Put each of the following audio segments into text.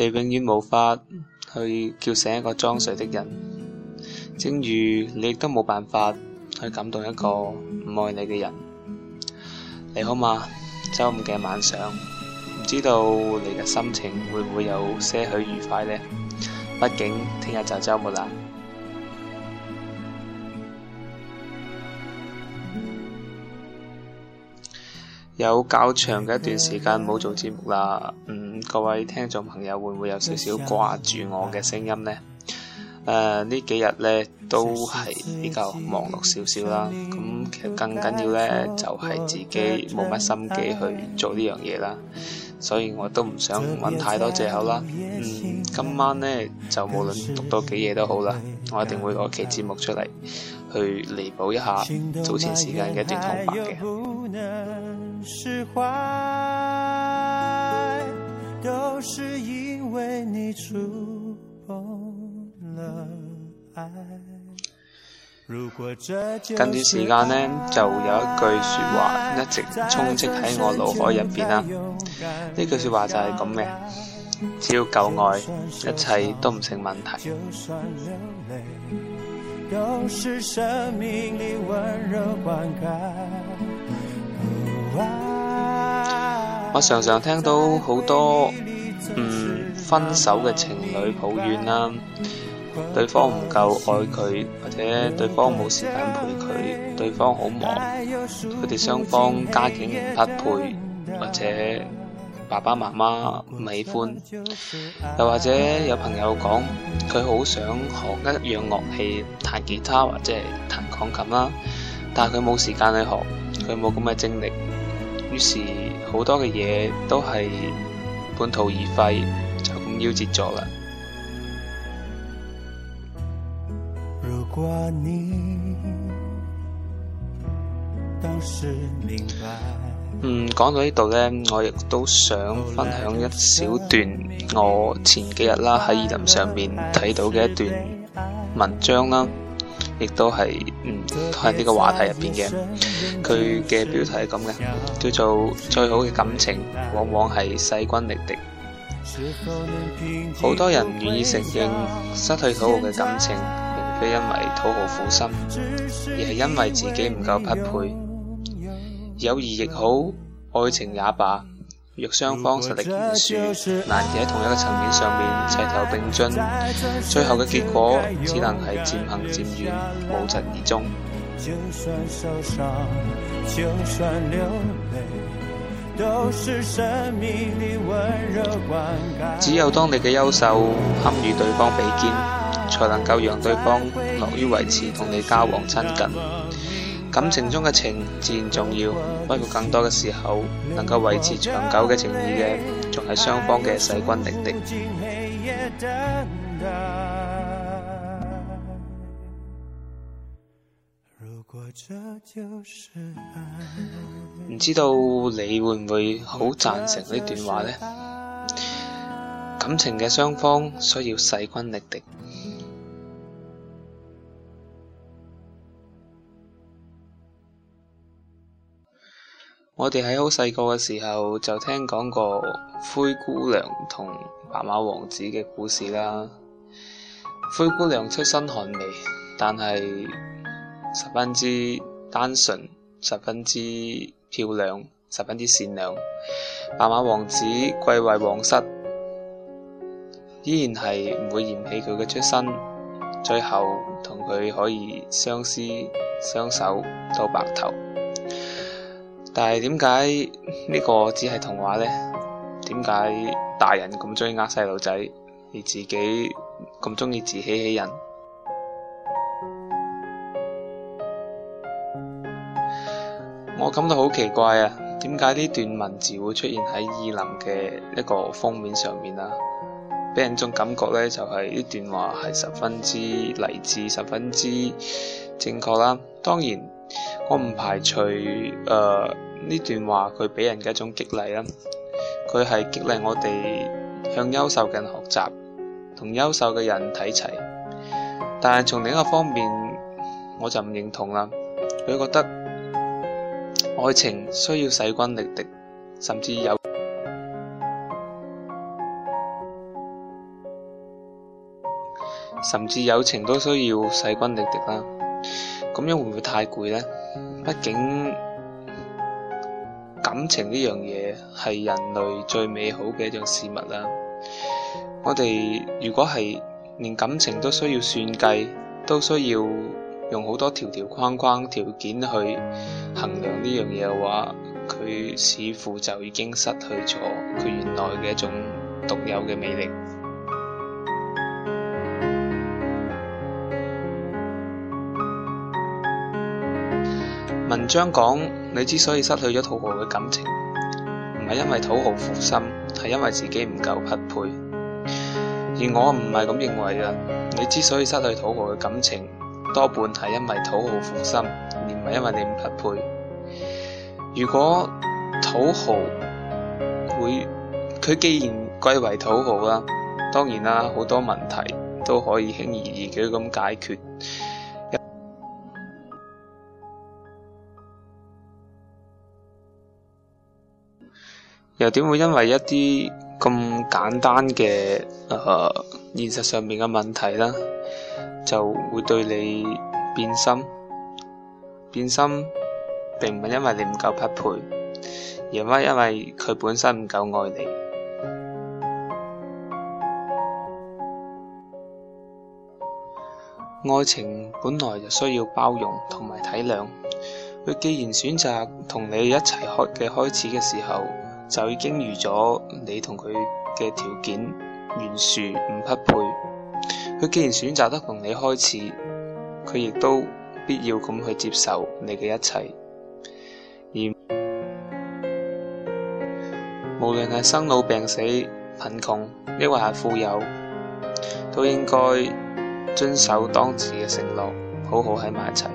你永遠無法去叫醒一個裝睡的人，正如你亦都冇辦法去感動一個唔愛你嘅人。你好嗎？周五嘅晚上，唔知道你嘅心情會唔會有些許愉快呢？畢竟聽日就周末啦，有較長嘅一段時間冇做節目啦。嗯。各位聽眾朋友會唔會有少少掛住我嘅聲音呢？誒、呃，幾呢幾日咧都係比較忙碌少少啦。咁其實更緊要咧就係、是、自己冇乜心機去做呢樣嘢啦，所以我都唔想揾太多借口啦。嗯，今晚咧就無論讀多幾嘢都好啦，我一定會攞期節目出嚟去彌補一下早前時間嘅一段空白嘅。近段時間呢，就有一句說話一直衝擊喺我腦海入邊啦。呢句說話就係咁嘅，只要夠愛，一切都唔成問題。 我常常聽到好多嗯、分手嘅情侶抱怨啦，對方唔夠愛佢，或者對方冇時間陪佢，對方好忙，佢哋雙方家境唔匹配，或者爸爸媽媽唔喜歡，又或者有朋友講佢好想學一樣樂器，彈吉他或者彈鋼琴啦，但係佢冇時間去學，佢冇咁嘅精力。於是好多嘅嘢都係半途而廢，就咁夭折咗啦。如果你明白，嗯，講到呢度呢，我亦都想分享一小段我前幾日啦喺熱林上面睇到嘅一段文章啦。亦都係，嗯，都係呢個話題入邊嘅。佢嘅標題係咁嘅，叫做《最好嘅感情往往係勢均力敵》。好多人願意承認，失去土豪嘅感情，並非因為土豪負心，而係因為自己唔夠匹配。友誼亦好，愛情也罷。若雙方實力懸殊，難以喺同一個層面上面齊頭並進，最後嘅結果只能係漸行漸遠，無疾而終。嗯、只有當你嘅優秀堪與對方比肩，才能夠讓對方樂於維持同你交往親近。嗯嗯感情中嘅情自然重要，不過更多嘅時候，能夠維持長久嘅情誼嘅，仲係雙方嘅勢均力敵。如果這就是愛。唔知道你會唔會好贊成呢段話咧？感情嘅雙方需要勢均力敵。我哋喺好細個嘅時候就聽講過灰姑娘同白馬王子嘅故事啦。灰姑娘出身寒微，但係十分之單純，十分之漂亮，十分之善良。白馬王子貴為皇室，依然係唔會嫌棄佢嘅出身，最後同佢可以相思相守到白頭。但係點解呢個只係童話呢？點解大人咁鍾意呃細路仔，而自己咁鍾意自欺欺人？ 我感到好奇怪啊！點解呢段文字會出現喺意林嘅一個封面上面啊？俾人種感覺呢，就係呢段話係十分之勵志，十分之正確啦、啊。當然。我唔排除誒呢、呃、段話佢俾人嘅一種激勵啦，佢係激勵我哋向優秀嘅人學習，同優秀嘅人睇齊。但係從另一個方面，我就唔認同啦。佢覺得愛情需要勢均力敵，甚至有甚至友情都需要勢均力敵啦。咁樣會唔會太攰呢？畢竟感情呢樣嘢係人類最美好嘅一種事物啦。我哋如果係連感情都需要算計，都需要用好多條條框框條件去衡量呢樣嘢嘅話，佢似乎就已經失去咗佢原來嘅一種獨有嘅魅力。文章講：你之所以失去咗土豪嘅感情，唔係因為土豪負心，係因為自己唔夠匹配。而我唔係咁認為啊！你之所以失去土豪嘅感情，多半係因為土豪負心，而唔係因為你唔匹配。如果土豪會，佢既然歸為土豪啦，當然啦，好多問題都可以輕而易舉咁解決。又點會因為一啲咁簡單嘅誒、呃、現實上面嘅問題啦，就會對你變心？變心並唔係因為你唔夠匹配，而係因為佢本身唔夠愛你。愛情本來就需要包容同埋體諒。佢既然選擇同你一齊開嘅開始嘅時候，就已經預咗你同佢嘅條件懸殊唔匹配。佢既然選擇得同你開始，佢亦都必要咁去接受你嘅一切。而無論係生老病死、貧窮，抑或係富有，都應該遵守當時嘅承諾，好好喺埋一齊。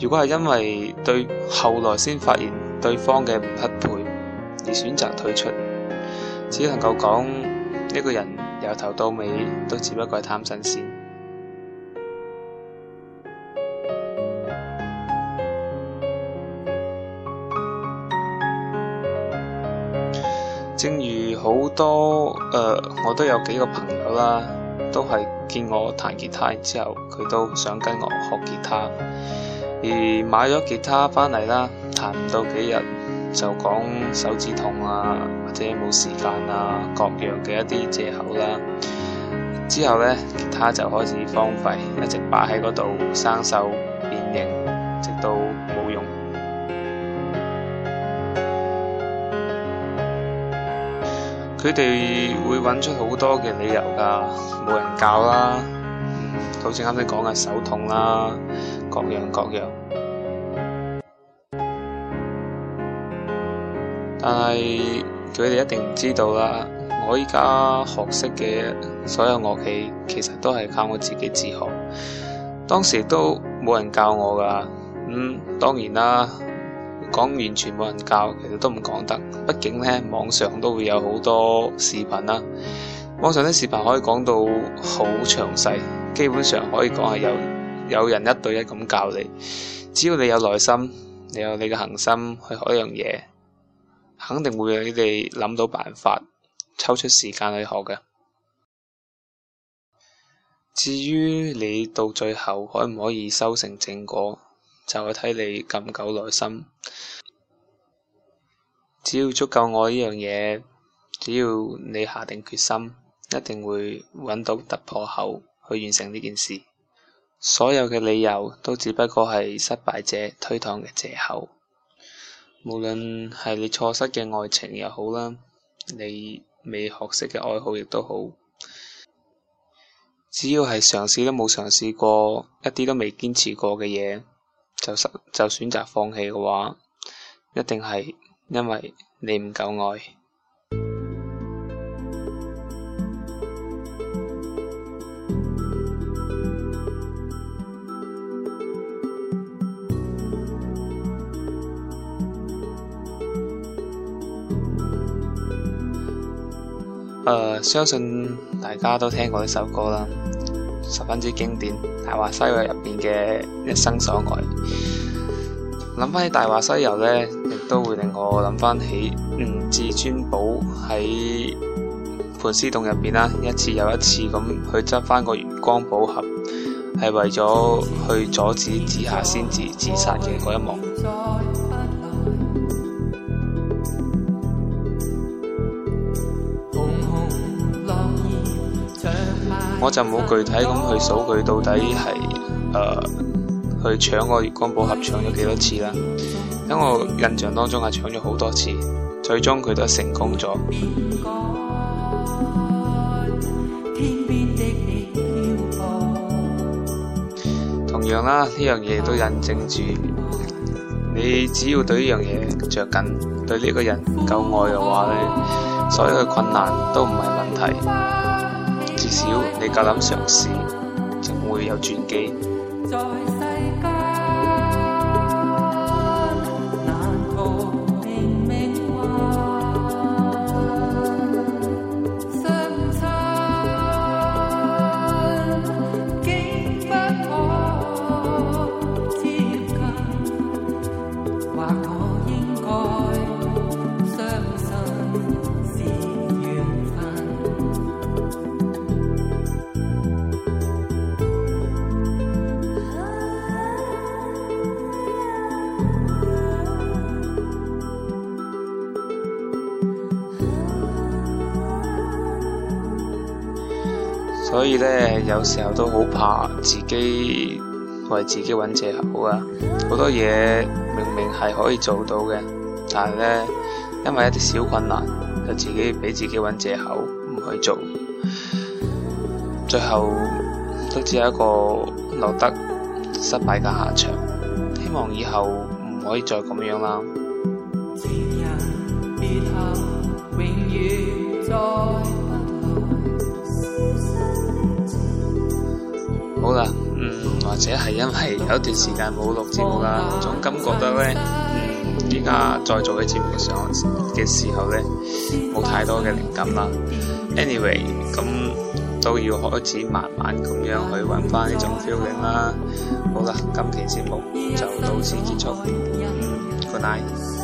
如果係因為對後來先發現，對方嘅唔匹配而選擇退出，只能夠講一個人由頭到尾都只不過係貪新鮮。 正如好多誒、呃，我都有幾個朋友啦，都係見我彈吉他之後，佢都想跟我學吉他，而買咗吉他翻嚟啦。彈唔到幾日就講手指痛啊，或者冇時間啊，各樣嘅一啲藉口啦、啊。之後呢，吉他就開始荒廢，一直擺喺嗰度生鏽變形，直到冇用。佢哋 會揾出好多嘅理由㗎，冇人教啦，好似啱先講嘅手痛啦，各樣各樣。但係佢哋一定唔知道啦。我依家學識嘅所有樂器，其實都係靠我自己自學。當時都冇人教我㗎。咁、嗯、當然啦，講完全冇人教，其實都唔講得。畢竟呢，網上都會有好多視頻啦。網上啲視頻可以講到好詳細，基本上可以講係有有人一對一咁教你。只要你有耐心，你有你嘅恒心去學一樣嘢。肯定會，你哋諗到辦法，抽出時間去學嘅。至於你到最後可唔可以修成正果，就係睇你咁久夠耐心。只要足夠愛呢樣嘢，只要你下定決心，一定會揾到突破口去完成呢件事。所有嘅理由都只不過係失敗者推搪嘅借口。無論係你錯失嘅愛情又好啦，你未學識嘅愛好亦都好，只要係嘗試都冇嘗試過，一啲都未堅持過嘅嘢，就就選擇放棄嘅話，一定係因為你唔夠愛。誒，uh, 相信大家都聽過呢首歌啦，十分之經典。大話西遊入邊嘅一生所愛，諗翻起大話西遊呢，亦都會令我諗翻起吳至、嗯、尊寶喺盤絲洞入邊啦，一次又一次咁去執翻個月光寶盒，係為咗去阻止紫霞仙子自殺嘅嗰一幕。我就冇具體咁去數佢到底係誒去搶個月光寶盒搶咗幾多次啦。喺我印象當中係搶咗好多次，最終佢都成功咗。同樣啦，呢樣嘢都印證住，你只要對呢樣嘢着緊，對呢個人夠愛嘅話咧，所有嘅困難都唔係問題。至少你夠膽嘗試，就會有轉機。所以咧，有時候都好怕自己為自己揾借口啊！好多嘢明明係可以做到嘅，但係咧，因為一啲小困難，就自己俾自己揾借口唔去做，最後都只係一個落得失敗嘅下場。希望以後唔可以再咁樣啦。好啦，嗯，或者係因為有一段時間冇錄節目啦，總感覺得咧，嗯，依家再做嘅節目上嘅時候咧，冇太多嘅靈感啦。Anyway，咁都要開始慢慢咁樣去揾翻呢種 feeling 啦。好啦，今期節目就到此結束，Good night。嗯